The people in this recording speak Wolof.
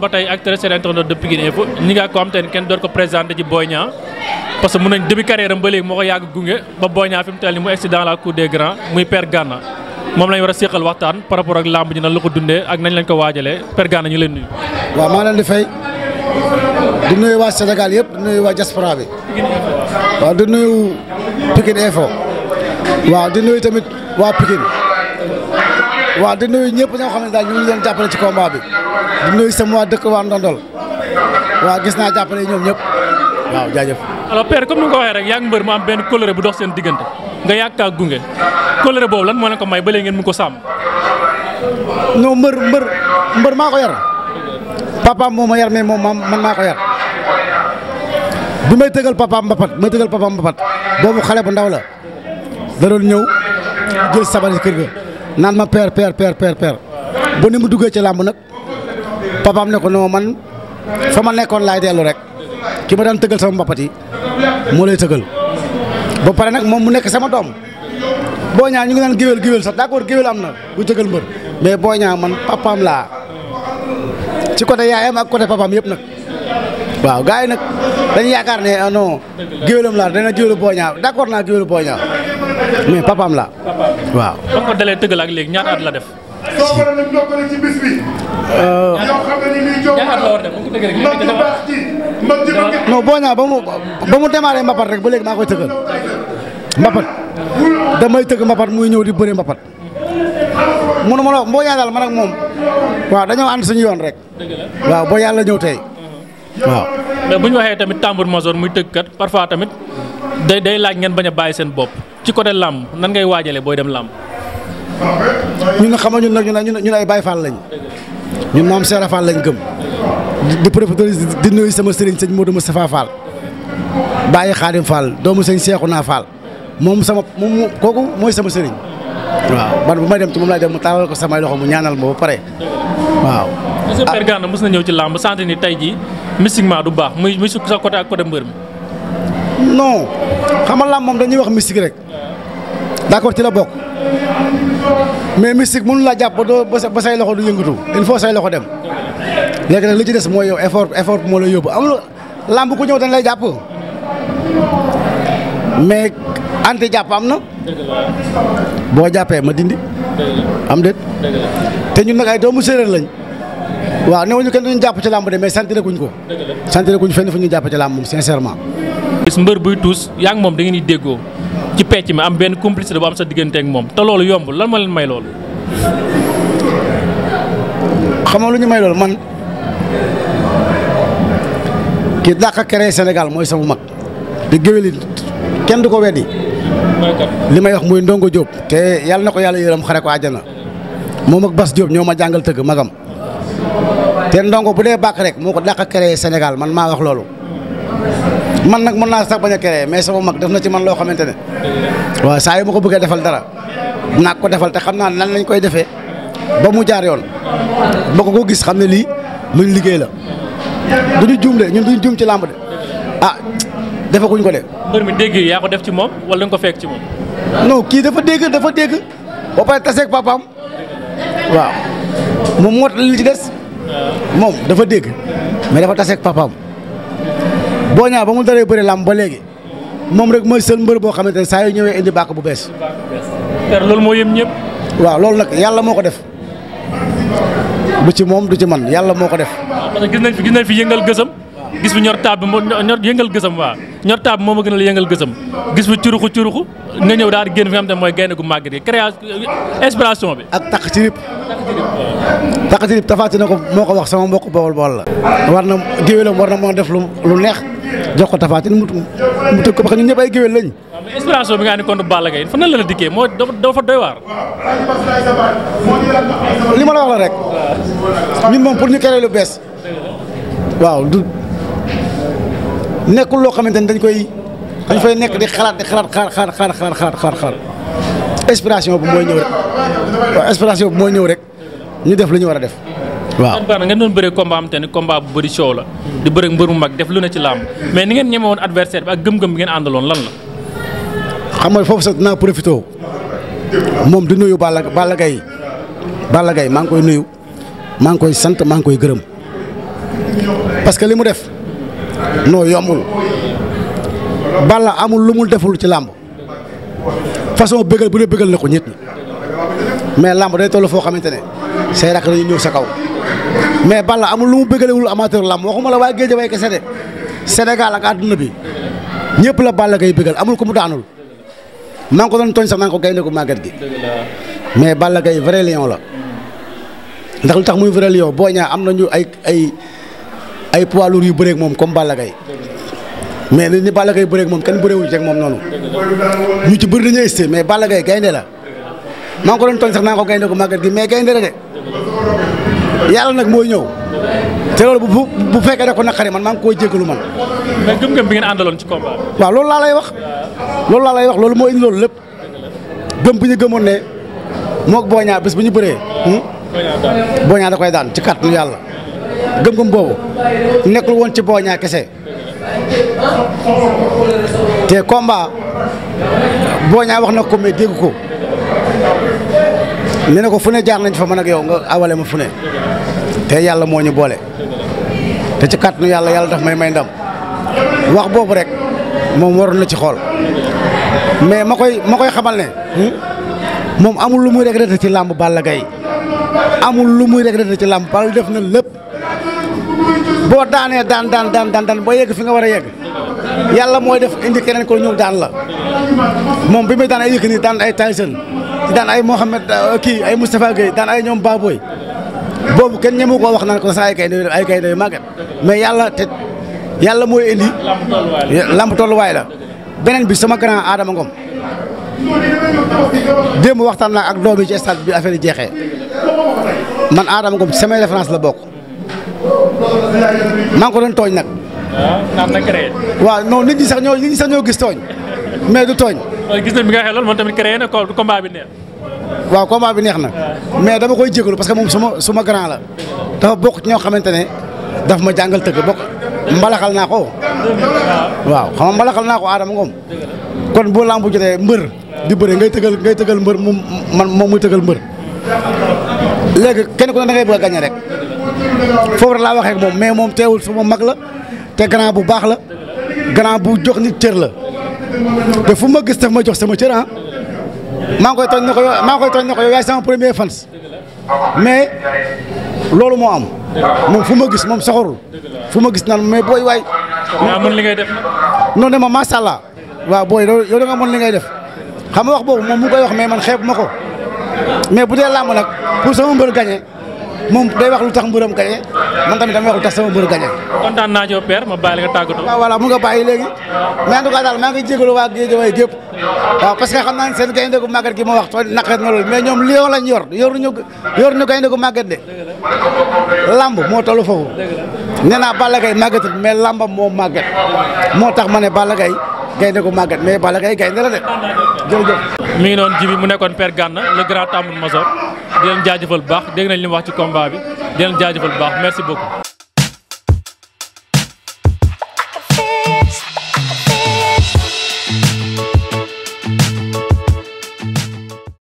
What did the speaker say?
ba tey ak très chers internautes de Pikine Info ñi nga ko am te kenn doon ko présenté ci Boy Niang parce mun nañ début carrière am moo ko yàgg gunge ba Boy Niang fi mu toll mu egsi dans la cour des grands muy Père Gana moom lañ war a séqal waxtaan par ak làmb ji nan la ko dundee ak nañ lañ ko waajalee Père Gana ñu leen nuyu. waaw maa leen di fay di nuyu waa Sénégal yëpp di nuyu waa diaspora bi waaw di nuyu Pikine Info waaw di nuyu tamit waa Pikine. waaw di nuyu ñëpp ñoo xam ne daal ñu leen jàppale ci combat bi di nuyu sama waa dëkk waa Ndondol waaw gis naa jàppale ñoom ñëpp waaw jaajëf. alors père comme ni nga ko waxee rek yaa mbër mu am benn colère bu dox seen diggante nga yàgg kaa gunge colère boobu lan moo leen ko may ba léegi ngeen mu ko sàmm. non mbër mbër maa ko yar papaam moo ma yar mais moom man maa ko yar bi may tëgal papaam mbapat may tëgal papaam mbapat boobu xale bu ndaw la ñëw jël kër ga. naan ma père père père père père ba ni mu duggee ci làmb nag papaam ne ko non man fa ma nekkoon laay dellu rek ki ma daan tëggal sama mbapat yi moo lay tëggal ba pare nag moom mu nekk sama doom boo ñaa ñu ngi naan géwél géwél sax d'accord géwél am na bu tëggal mbër mais boo ñaa man papaam laa ci côté yaayam ak côté papaam yëpp nag waaw gars yi nag dañu yaakaar ne ah non géwélam laa dana géwélu boo ñaa d'accord naa géwélu boo ñaa mais papaam la waaw ba dalé dalee ak léegi ñaar at la def so ko dañu noppale ci bis bi euh ñoo démarré mbapat rek ba rek waaw bo uh-huh. waaw mais buñ tamit tambour tamit day day laaj ngeen bañ a bàyyi seen bopp ci côté làmb nan ngay waajalee booy dem làmb. ñu nga xamoon ñun nag ñun ñun ay Baye Fall lañ ñun moom Serap Fall lañ gëm di profité di nuyu sama sëriñ sëñ Modou Moustapha Fall bàyyi Khadim Fall doomu sëñ naa Fall moom sama moom kooku mooy sama sëriñ waaw man bu may dem ci moom laay dem mu taalal ko samay loxo mu ñaanal ma ba pare waaw. monsieur ah. Père Gana mos na ñëw ci làmb sant ni tey jii mystiquement du baax muy muy sa côté ak côté mbër mi. non xamal nga moom dañuy wax mystique rek d'accord ci la bokk mais mystique mënu laa jàpp ba doo ba say loxo du yëngatu il faut say loxo dem léegi nag li ci des mooy yow effort effort moo lay yóbbu amul làmb ku ñëw dañ lay jàpp mais anti jàpp am na boo jàppee ma dindi am déet te ñun nag ay doomu séeréer lañ waaw newuñu kenn duñu jàpp ci làmb de mais sentir kuñ ko sentir kuñ fenn fu ñu jàpp ci làmb moom sincèrement gis mbër buy tuus yaa ngi moom da ngeen di déggoo ci pecc mi am benn complicité bu am sa diggante moom te loolu yomb lan ma leen may loolu. xam lu ñu may loolu man ki dàq a créé Sénégal mooy sama mag di géwél it kenn du ko weddi li may wax muy Ndongo Diop te yàlla na ko yàlla yërëm xare ko àjjana moom ak Bas Diop ñoo ma jàngal tëgg magam te Ndongo bu dee bàq rek moo ko dàq a créé Sénégal man maa wax loolu. man nak mën na sax baña créé mais sama mag def na ci man lo xamantene wa say saa yu ko bëggee defal dara nak ko defal te xamna nan lañ koy defee ba mu jaar yoon ba ko ko gis xamné li luñ liggéey la duñu jum de ñun duñu jum ci lamb de ah defaguñ ko de. mbër mi dégg ya ko def ci mom wala nga ko fekk ci mom non ki dafa dégg dafa dégg ba tassé ak papam waaw mom mot li ci des ah. mom dafa dégg mais dafa ak papam. boo ñaar ba mu daree bëri làmb ba léegi moom rek mooy seen mbër boo xamante ne saa yu ñëwee indi bàq bu bees. per loolu moo yem ñëpp. waaw loolu nag yàlla moo ko def bu ci moom du ci man yàlla moo ko def. Ah, parce que gis nañ fi gis fi yëngal gësëm gis bu ñor taab bi moo ñor yëngal gësam waa ñor taab bi moo ma gën a la yëngal gësam gis bu curuxu curuxu nga ñëw daal génn fi nga xam ne mooy gaynde gu màgget gi création inspiration bi. ak takk ci rib takk na moo ko wax sama mbokk bool bool la. war na géwélam war na mën a def lu lu neex jox ko tafaati mu mu ko parce que ñun ñëpp ay géwél bi nga xam ne contre Balla Gaye fan la la dikkee moo dafa doy waar. li ma la wax la rek. ñun moom pour ñu créer lu bees. waaw nekul lo xamante dañ koy dañ fay nek di xalat di xalat xar xar xar xar xar xar xar inspiration bu moy ñew rek waaw inspiration bu moy ñew rek ñu def lu ñu wara def waaw baax nga ngeen doon combat am tane combat bu bëri show la di bëre mbër mu mag def lu ne ci lamb mais ni ngeen ñeme won adversaire bi ak gëm-gëm bi ngeen andalon lan la xam nga fofu sax na profito mom di nuyu Balla Balla gay Balla gay maa ngi koy nuyu maa ngi koy sante maa ngi koy gërëm parce que limu def non yombul Balla amul lu mu deful ci làmb façon bëggal bu ne bëggal na ko nit ñi mais làmb day toll foo xamante ne say rakk dañuy ñëw sa kaw mais Balla amul lu mu bëggalewul amateur làmb waxuma la waaye géej way kese de Sénégal ak àdduna bi ñëpp la Balla Gaye bëggal amul ko mu daanul maa ngi ko doon tooñ sax maa ko gaynde gu màggat gi mais Balla Gaye vrai la ndax lu tax muy vrai boo ñaa am nañu ay ay ay poids lourd yu ak mom comme Balla Gaye mais ni Balla Gaye bëreeg moom kenn bëreewuñu ci ak mom nonu ñu ci bëri dañuy esté mais Balla Gaye gaynde la ma ko doon ton sax na ko gaynde ko magal gi mais gaynde la dé yalla nak moy ñëw té lolu bu bu fekkee da ko nakari man ma ngi koy jégalu man. mais gëm-gëm bi ngeen andalon ci combat wa lolu la lay wax lolu la lay wax lolu moo indi lolu lepp gëm bu ñu gëmon né mok boña bës bu ñu bëré hmm boña da koy daan ci kàttanu yalla gëm-gëm boobu nekkul woon ci booñaa kese te combat booñaa wax na ko mais dégg ko nee na ko fu ne jaar nañ fa man ak yow nga awale ma fu ne te yàlla moo ñu boole te ci kàttanu yàlla yàlla daf may may ndam wax boobu rek moom waroon na ci xool mais ma koy ma koy xamal ne hmm? moom amul lu muy regretté ci làmb Balla gay amul lu muy rekk regretté ci làmb Balla def na lépp buat dana dan dan dan dan dan bo yegg fi nga wara yegg yalla moy def indi keneen ko ñëw dan la mom bi muy daan ay ni dan ay Tyson dan ay mohammed euh, ki ay Mustafa, gay dan ay ñom Baboy bobu ken ñemu ko wax nan ko say ay kay ay kay day magat mais yalla te yalla moy indi lamb way la benen bi sama grand adam Ngom dem waxtan la ak doomi ci stade bi affaire jexé man adam Ngom samay référence la bokk maa ngi ko doon tooñ nag. waaw ah, na waaw non nit ñi sax ñoo sax ñoo gis tooñ mais du tooñ. Oh, gis nañ bi nga xam loolu moom tamit créé bi neex. waaw combat bi neex na. Ah. mais dama koy jégalu parce que moom suma suma grand la. dafa bokk ñoo xamante ne daf ma jàngal tëgg bokk mbalaxal naa ko. Ah. waaw xam nga mbalaxal naa ko Adama Ngom. kon boo lambu jotee mbër. di bëre ngay tëgal ngay tëgal mbër moom man moom muy tëgal mbër. léegi kenn ku ne dangay bëgg a rek. foofu laa waxee ak moom mais moom teewul suma mag la te grand bu baax la grand bu jox nit cër la te fu ma gis daf ma jox sama cër ah maa ngi koy tooñ ne ko maa ngi koy tooñ ne ko yow yaay sama premier fans mais loolu moo am moom fu ma gis moom soxorul fu ma gis naan mais booy waay. yaa mën li ngay def. non ne ma macha allah waaw booy yow da nga mën li ngay def xam nga wax boobu moom mu koy wax mais man xeeb ma ko mais bu dee làmb nag pour sama mbër gagné. mom day wax lutax mburam gañe man tamit dama wax lutax sama mbur gañe kontaan na ci père ma bayil la nga tàggatoo waaw voilà mu nga bàyyi legi mais en tout cas daal maa ngi jégalu waa géej waay gépp waaw parce que xam naa seen gaynde ko màggat gi mo wax tooñ naqar na lol mais ñoom lion lañ yor yor ñu yor ñu gaynde ko màggat de lamb mo tolu fofu nee naa Balla Gaye màggatul mais lamb mo màggat motax mané ma Balla Gaye gaynde ko magat mais balagay gaynde la de jërëjëf mi ngi noonu jibi mu nekkoon père ganna le grand tambour mazor di leen jaajëfal bu baax dégg nañ li mu wax ci combat bi di leen jaajëfal bu baax merci beaucoup.